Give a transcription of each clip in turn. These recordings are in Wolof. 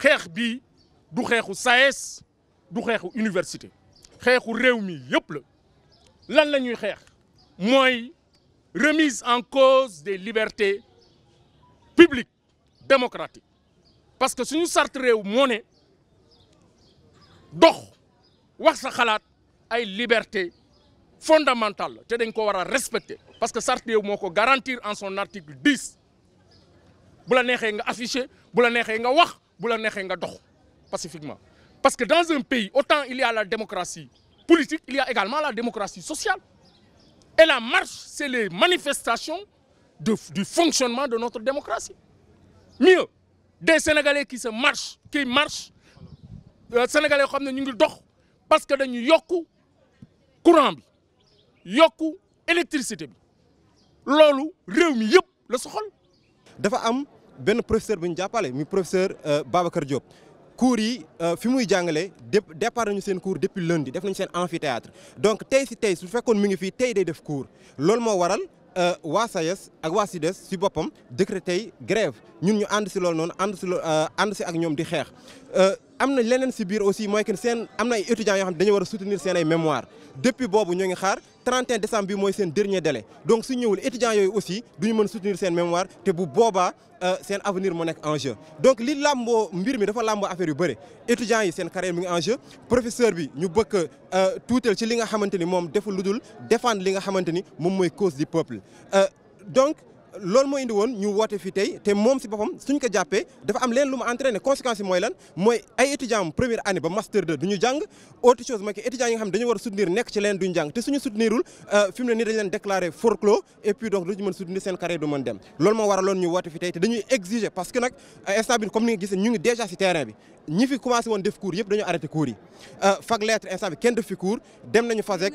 Ce bi, du xeexu SAES e du xeexu université xeexu réew mi yëpp la lan remise en cause des libertés publiques démocratiques parce que si nous réew moo donc, dox wax sa xalaat ay liberté fondamentale la te dañ ko war respecter parce que Sartre réew garantir en son article 10 bu la nga afficher bu la nga wax pacifiquement parce que dans un pays autant il y a la démocratie politique il y a également la démocratie sociale et la marche c'est les manifestations du fonctionnement de notre démocratie mieux des sénégalais qui se marchent qui marchent euh, sénégalais qui parce que dañu yokku courant bi yokku électricité bi ce réew ben professeur buñu jappalé mi professeur euh, Babacar Diop cours yi euh, fi muy jàngalee départ nañu sen cours depuis lundi def nañu sen amphithéâtre donc tay si tay su fekkoon mi ngi fii tey day def cours loolu mo waral euh, wa sayes ak waa SYDES si boppam décrété grève ñun ñu and ci loolu non and ci and ci ak ñom di xeex amna lenen ci biir aussi moy ken sen amna ay étudiants yo xam dañu wara soutenir sen ay mémoire depuis bobu ñu ngi xaar 31 décembre bi moy sen dernier délai donc su ñewul étudiants yooyu aussi duñu mën soutenir sen mémoire té bu euh, sen avenir mo nek en jeu donc li lambo mbir mi dafa làmboo affaire yu bëré étudiants yi sen carrière mi ngi en jeu professeur bi ñu euh, toutel ci li nga xamanteni mom moom deful lu défendre li nga xamanteni mom moy cause du peuple euh, donc loolu mo indi won ñu woote fi tay té moom ci bopam suñ ko jappé dafa am lén lu mu entraîné conséquence moy lan moy ay étudiant première année ba master 2 duñu jang autre chose mooy que étudiants yi nga xam dañu war soutenir nek ci lén duñu jang té suñu soutenirul euh fimné ni nii dañ leen déclaré forclos et puis donc duñu mën soutenir sen carré du mën dem loolu mo waraloon ñu woote fi tay té dañuy exiger parce que nak euh, instant bi comme ni nga gisee ñu ngi déjà ci terrain bi ñi fi commencé won def cours yépp dañu arrêté cours yi euh fak lettre instant bi kenn def fi cours dem nañu fasek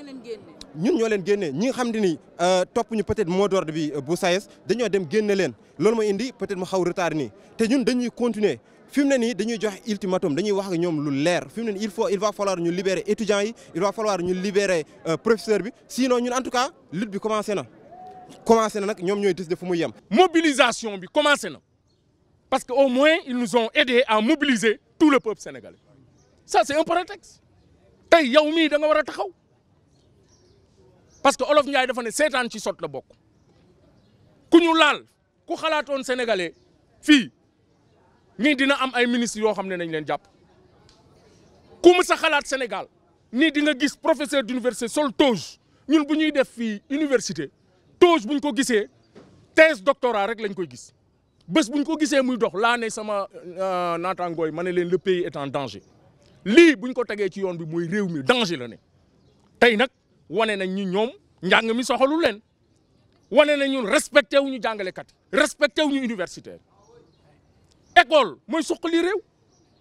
ñun ñoo leen génnee ñi nga xam ne ni euh, ñu peut-être mo d'ordre bi euh, bu sayes dañoo dem génne leen loolu mo indi peut-être mu xaw retard ni té ñun dañuy continuer fi mu ne dañuy jox ultimatum dañuy wax ak ñom lu leer fi mu il faut il va falloir ñu libérer étudiants yi il va falloir ñu libérer euh, professeur bi sinon ñun en tout cas lutte bi commencé na commencé na nak ñom ñoy décider fu mu yem. mobilisation bi commencé na parce que au moins ils nous ont aidé à mobiliser tout le peuple sénégalais ça c'est un prétexte tay yow mi da nga wara taxaw parce que olof Ndiaye dafa ne ans ci de la laal ku sénégalais fi, dina am ay ministres yo xamné nañ leen japp. sa Sénégal ni di nga gis professeur d'université sol toge ñun buñuy def fi université toge buñ ko thèse doctorat rek lañ koy gis Bëss buñ ko muy dox la né sama euh, mané leen le pays est en danger Li buñ ko taggé ci yoon bi moy danger la wane nañ ñu ñom njàng mi soxalul leen wane nañ ñun respecté wuñu ñu kat respecté wuñu ñu universitaire école moy soxali rew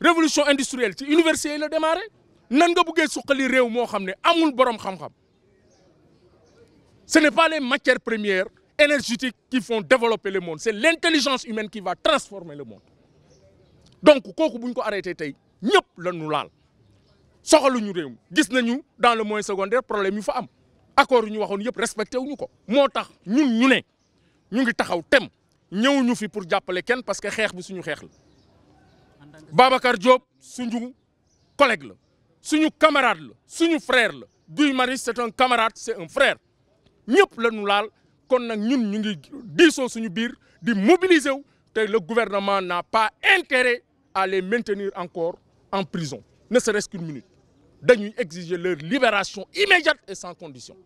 révolution industrielle ci université yi la démarré nan nga bëggé soxali rew mo xamné amul borom xam-xam ce n'est pas les matières premières énergétiques qui font développer le monde c'est l'intelligence humaine qui va transformer le monde donc kooku buñ ko arrêté tay ñëpp la ñu laal soxaluñu gis nañu dans le moyen secondaire problème yu fa accord ñu nous nous respecté wuñu ko nous parce que nous suñu Babacar Diop collègue la camarade la frère Guy c'est un camarade c'est un frère Nous la ñu laal nous nous mobiliser le gouvernement n'a pas intérêt à les maintenir encore en prison ne serait-ce qu'une minute nous exiger leur libération immédiate et sans condition